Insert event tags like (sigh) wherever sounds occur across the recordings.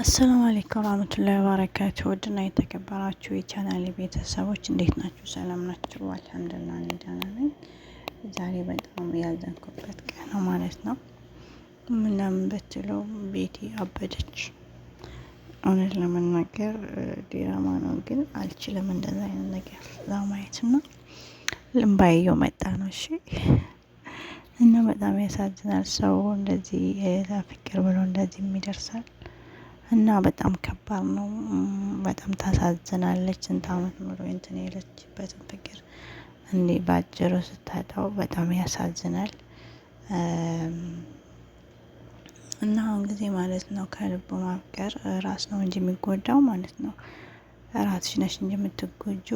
አሰላሙ አለይኩም ወራህመቱላሂ ወበረካቱ። ውድና የተከበራችሁ የቻናሌ ቤተሰቦች እንዴት ናችሁ? ሰላም ናችሁ? አልሐምዱሊላህ እኔ ደህና ነኝ። ዛሬ በጣም ያዘንኩበት ቀን ነው ማለት ነው። ምናምን ብትለው ቤቴ አበደች። እውነት ለመናገር ዲራማ ነው፣ ግን አልችልም እንደዛ አይነት ነገር ለማየት እና ልምባየው መጣ ነው። እሺ እና በጣም ያሳዝናል። ሰው እንደዚህ ለፍቅር ብሎ እንደዚህ የሚደርሳል እና በጣም ከባድ ነው። በጣም ታሳዝናለች። ስንት አመት ሙሉ እንትን የለችበትን ፍቅር እንዲህ ባጭሩ ስታጣው በጣም ያሳዝናል። እና አሁን ጊዜ ማለት ነው ከልቡ ማፍቀር ራስ ነው እንጂ የሚጎዳው ማለት ነው። ራስሽ ነሽ እንጂ የምትጎጁ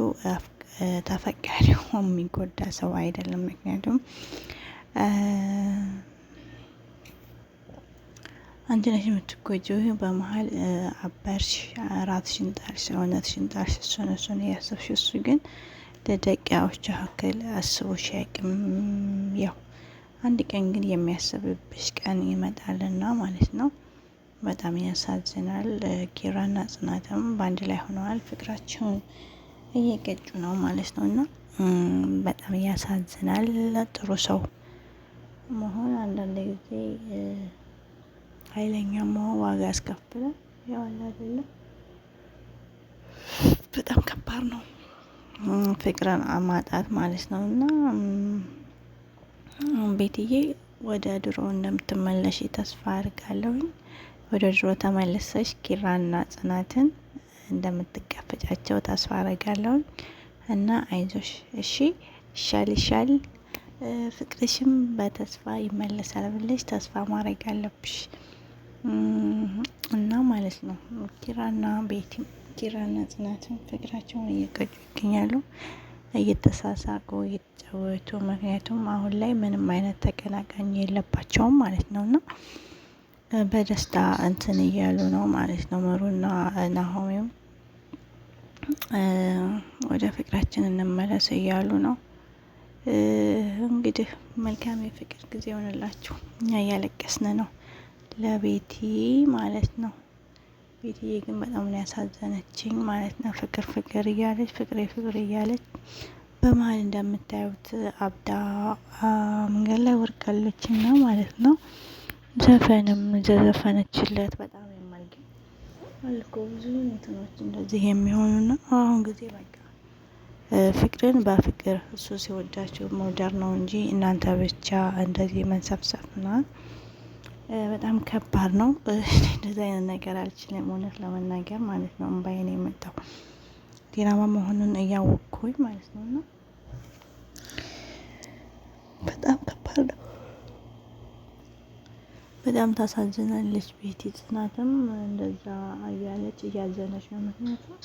ተፈቃሪው የሚጎዳ ሰው አይደለም። ምክንያቱም አንቺ ነሽ የምትጎጂው። በመሀል አባርሽ፣ ራስሽን ጣልሽ፣ እውነትሽን ጣልሽ። እሱን እሱን እያሰብሽ እሱ ግን ለደቂያዎች ያክል አስቦሽ ያቅም። ያው አንድ ቀን ግን የሚያስብብሽ ቀን ይመጣልና ማለት ነው። በጣም ያሳዝናል። ኪራና ጽናትም በአንድ ላይ ሆነዋል። ፍቅራቸውን እየቀጩ ነው ማለት ነው እና በጣም ያሳዝናል። ጥሩ ሰው መሆን አንዳንድ ጊዜ ኃይለኛ መሆን ዋጋ ያስከፍላል። ያዋል አይደለም በጣም ከባድ ነው ፍቅርን ማጣት ማለት ነው። እና ቤትዬ ወደ ድሮ እንደምትመለሽ ተስፋ አድርጋለሁኝ። ወደ ድሮ ተመለሰሽ ኪራና ጽናትን እንደምትጋፈጫቸው ተስፋ አደርጋለሁኝ። እና አይዞሽ፣ እሺ፣ ይሻል ይሻል፣ ፍቅርሽም በተስፋ ይመለሳል ብለሽ ተስፋ ማድረግ አለብሽ። እና ማለት ነው ኪራና ቤቲም ኪራና ጽናትም ፍቅራቸውን እየቀጩ ይገኛሉ እየተሳሳቁ እየተጫወቱ ምክንያቱም አሁን ላይ ምንም አይነት ተቀናቃኝ የለባቸውም ማለት ነው እና በደስታ እንትን እያሉ ነው ማለት ነው መሩና ናሆሚም ወደ ፍቅራችን እንመለስ እያሉ ነው እንግዲህ መልካም የፍቅር ጊዜ ሆንላችሁ እኛ እያለቀስን ነው ለቤቲ ማለት ነው። ቤትዬ ግን በጣም ነው ያሳዘነችኝ ማለት ነው። ፍቅር ፍቅር እያለች ፍቅሬ ፍቅር እያለች በመሀል እንደምታዩት አብዳ መንገድ ላይ ወርቃለች እና ማለት ነው። ዘፈንም ዘዘፈነችለት በጣም የማልግ አልኮ ብዙ እንትኖች እንደዚህ የሚሆኑ የሚሆኑና አሁን ጊዜ በቃ ፍቅርን በፍቅር እሱ ሲወዳቸው መውደር ነው እንጂ እናንተ ብቻ እንደዚህ መንሰፍሰፍ ምናምን በጣም ከባድ ነው። እንደዚ አይነት ነገር አልችልም፣ እውነት ለመናገር ማለት ነው። እምባዬን የመጣው ዲራማ መሆኑን እያወቅኩኝ ማለት ነው። እና በጣም ከባድ ነው። በጣም ታሳዝናለች። ቤቲ ጽናትም እንደዛ እያለች እያዘነች ነው። ምክንያቱም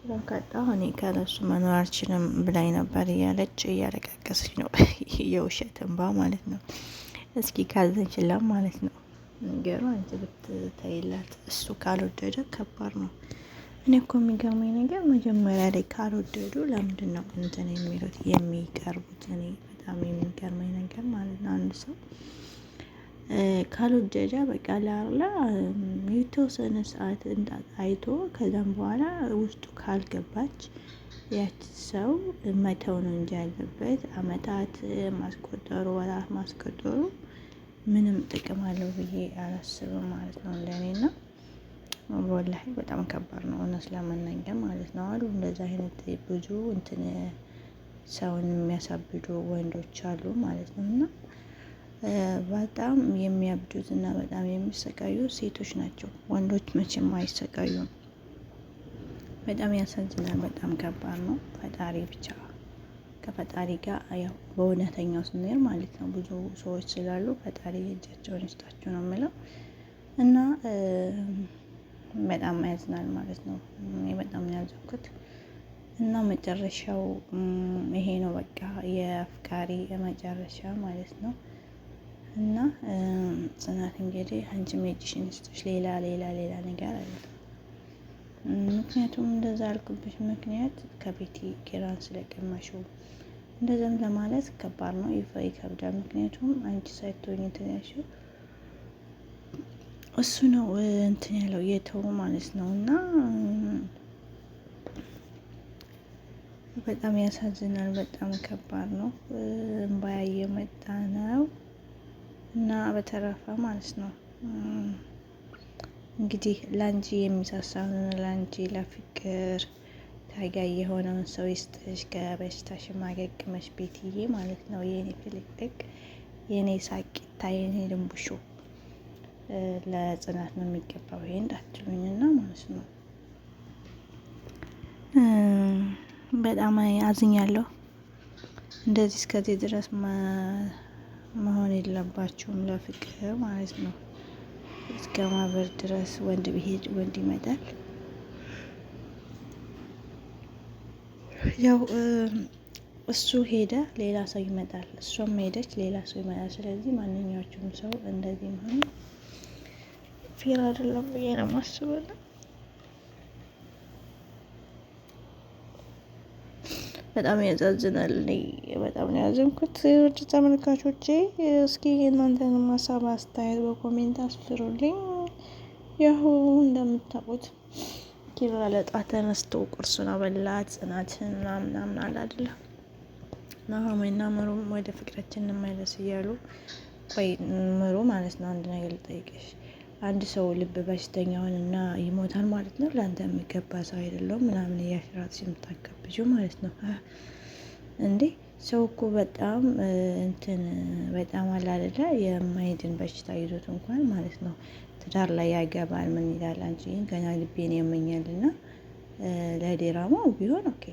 ኪራን ካጣ እኔ ከለሱ መኖር አልችልም ብላኝ ነበር እያለች እያለቃቀሰች ነው። (laughs) የውሸት እንባ ማለት ነው። እስኪ ካዘን ችላም ማለት ነው ነገሩ። አንቺ ብትታይላት እሱ ካልወደደ ከባድ ነው። እኔ እኮ የሚገርመኝ ነገር መጀመሪያ ላይ ካልወደዱ ለምንድን ነው እንትን የሚሉት የሚቀርቡት? እኔ በጣም የሚገርመኝ ነገር ማለት ነው አንድ ሰው ካልወደደ በቃ ላርላ የተወሰነ ሰዓት አይቶ ከዛም በኋላ ውስጡ ካልገባች ያች ሰው መተው ነው እንጂ ያለበት አመታት ማስቆጠሩ ወራት ማስቆጠሩ ምንም ጥቅም አለው ብዬ አላስብም ማለት ነው እንደኔ ና ወላሂ በጣም ከባድ ነው እውነት ለመናገር ማለት ነው አሉ እንደዚ አይነት ብዙ እንትን ሰውን የሚያሳብዱ ወንዶች አሉ ማለት ነው እና በጣም የሚያብዱት እና በጣም የሚሰቃዩ ሴቶች ናቸው። ወንዶች መቼም አይሰቃዩም። በጣም ያሳዝናል። በጣም ከባድ ነው። ፈጣሪ ብቻ ከፈጣሪ ጋር ያው በእውነተኛው ስንሄድ ማለት ነው። ብዙ ሰዎች ስላሉ ፈጣሪ እጃቸውን ይስጣችሁ ነው የምለው እና በጣም ያዝናል ማለት ነው። እኔ በጣም ነው ያዘንኩት እና መጨረሻው ይሄ ነው። በቃ የአፍቃሪ መጨረሻ ማለት ነው። እና ጽናት እንግዲህ አንቺም የእጅሽን ይስጥሽ ሌላ ሌላ ሌላ ነገር አለ ምክንያቱም እንደዛ ያልኩበት ምክንያት ከቤቲ ኪራን ስለቀማሽው እንደዛም ለማለት ከባድ ነው፣ ይፋ ይከብዳል። ምክንያቱም አንቺ ሳይቶኝ እንትን ያልሽው እሱ ነው እንትን ያለው የተው ማለት ነው። እና በጣም ያሳዝናል። በጣም ከባድ ነው። እንባያ እየመጣ ነው እና በተረፈ ማለት ነው እንግዲህ ላንቺ የሚሳሳውን ላንቺ ለፍቅር ታጋ የሆነውን ሰው ይስጥሽ፣ ከበሽታሽ ማገግመሽ ቤትዬ ማለት ነው። የኔ ፍልቅልቅ፣ የኔ ሳቂታ፣ የኔ ድንቡሾ ለጽናት ነው የሚገባው። ይሄ እንዳትሉኝና ማለት ነው። በጣም አዝኛለሁ። እንደዚህ እስከዚህ ድረስ መሆን የለባችሁም ለፍቅር ማለት ነው። እስከ ማህበር ድረስ ወንድ ቢሄድ ወንድ ይመጣል። ያው እሱ ሄደ፣ ሌላ ሰው ይመጣል። እሷም ሄደች፣ ሌላ ሰው ይመጣል። ስለዚህ ማንኛቸውም ሰው እንደዚህ መሆኑ ፌር አይደለም ብዬ ነው የማስበው። በጣም ያዛዝናል። በጣም ነው ያዘንኩት። ውድ ተመልካቾቼ እስኪ እናንተን ሀሳብ አስተያየት በኮሜንት አስፍሩልኝ። ያሁ እንደምታውቁት ኪራ ለጣ ተነስቶ ቁርሱን አበላት ጽናትን ምናምናምን አላደለ ናሆሜና ምሩ ወደ ፍቅራችን እንመለስ እያሉ ወይ ምሩ ማለት ነው አንድ ነገር ልጠይቅሽ አንድ ሰው ልብ በሽተኛውን እና ይሞታል ማለት ነው። ለአንተ የሚገባ ሰው አይደለውም ምናምን እያሽራት የምታከብጁ ማለት ነው። እንዴ ሰው እኮ በጣም እንትን በጣም አላደለ የማይድን በሽታ ይዞት እንኳን ማለት ነው ትዳር ላይ ያገባል። ምን ይላል አንቺ ገና ልቤን ያመኛል እና ለዲራማው ቢሆን ኦኬ፣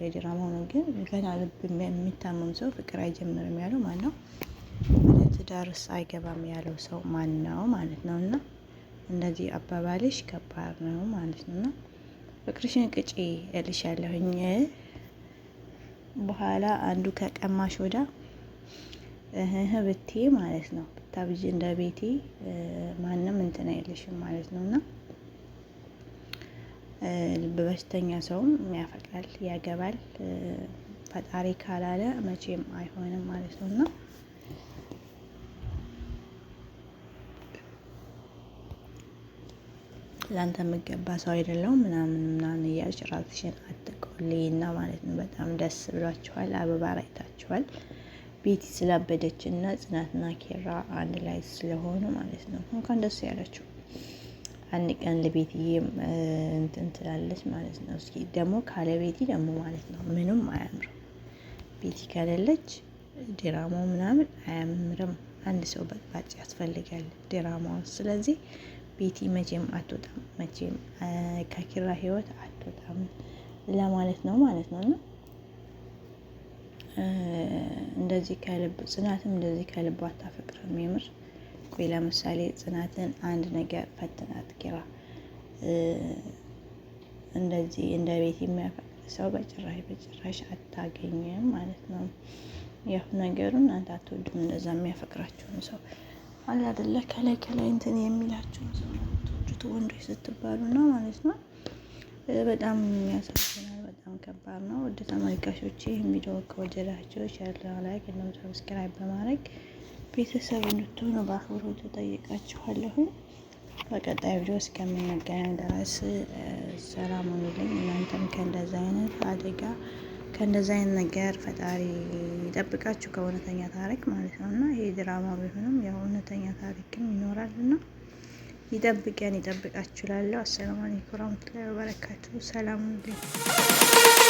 ለዲራማው ነው። ግን ገና ልብ የሚታመም ሰው ፍቅር አይጀምርም ያለው ማለት ነው? ትዳርስ አይገባም ያለው ሰው ማን ነው ማለት ነው። እና እንደዚህ አባባልሽ ከባድ ነው ማለት ነው። እና ፍቅርሽን ቅጪ እልሻለሁኝ። በኋላ አንዱ ከቀማሽ ወዳ እህ ብቴ ማለት ነው ብታብጅ እንደ ቤቴ ማንም እንትን አይልሽም ማለት ነው እና በበሽተኛ ሰውም ያፈቅራል ያገባል። ፈጣሪ ካላለ መቼም አይሆንም ማለት ነው እና ለአንተ የምገባ ሰው አይደለው ምናምን ምናምን እያልሽ ራስሽን አትቆልይ እና ማለት ነው። በጣም ደስ ብሏችኋል። አበባ ራይታችኋል። ቤቲ ስላበደች እና ጽናትና ኬራ አንድ ላይ ስለሆኑ ማለት ነው። እንኳን ደስ ያላችሁ። አንድ ቀን ለቤትዬም እንትን ትላለች ማለት ነው። እስኪ ደግሞ ካለ ቤቲ ደግሞ ማለት ነው ምንም አያምርም። ቤቲ ከሌለች ድራማው ምናምን አያምርም። አንድ ሰው በጥባጭ ያስፈልጋል ድራማው። ስለዚህ ቤቲ መቼም አትወጣም፣ መቼም ከኪራ ህይወት አትወጣም ለማለት ነው ማለት ነው። እና እንደዚህ ከልብ ጽናትም እንደዚህ ከልብ አታፈቅርም የምር ቆይ ለምሳሌ ጽናትን አንድ ነገር ፈትናት ኪራ እንደዚህ እንደ ቤት የሚያፈቅር ሰው በጭራሽ በጭራሽ አታገኝም ማለት ነው። ያው ነገሩን አንተ አትወዱም እንደዛ የሚያፈቅራችሁን ሰው አለ አይደለ ከላይ ከላይ እንትን የሚላቸውን ሰዎች ወንዶች ስትባሉ ነው ማለት ነው። በጣም የሚያሳዝናል። በጣም ከባድ ነው። ውድ ተመልካቾቼ የሚደው ከወደዳቸው ሼር ላይክ እና ሰብስክራይብ በማድረግ ቤተሰብ እንድትሆኑ በአክብሮት እጠይቃችኋለሁ። በቀጣይ ቪዲዮ እስከምንገናኝ ድረስ ሰላም ሁኑልኝ። እናንተም ከእንደዚህ አይነት አደጋ ከእንደዚህ አይነት ነገር ፈጣሪ ይጠብቃችሁ ከእውነተኛ ታሪክ ማለት ነው። እና ይሄ ድራማ ቢሆንም ያው እውነተኛ ታሪክም ይኖራል እና ይጠብቀን ይጠብቃችሁ። ላለው አሰላሙ አለይኩም ወራህመቱላሂ ወበረካቱ። ሰላም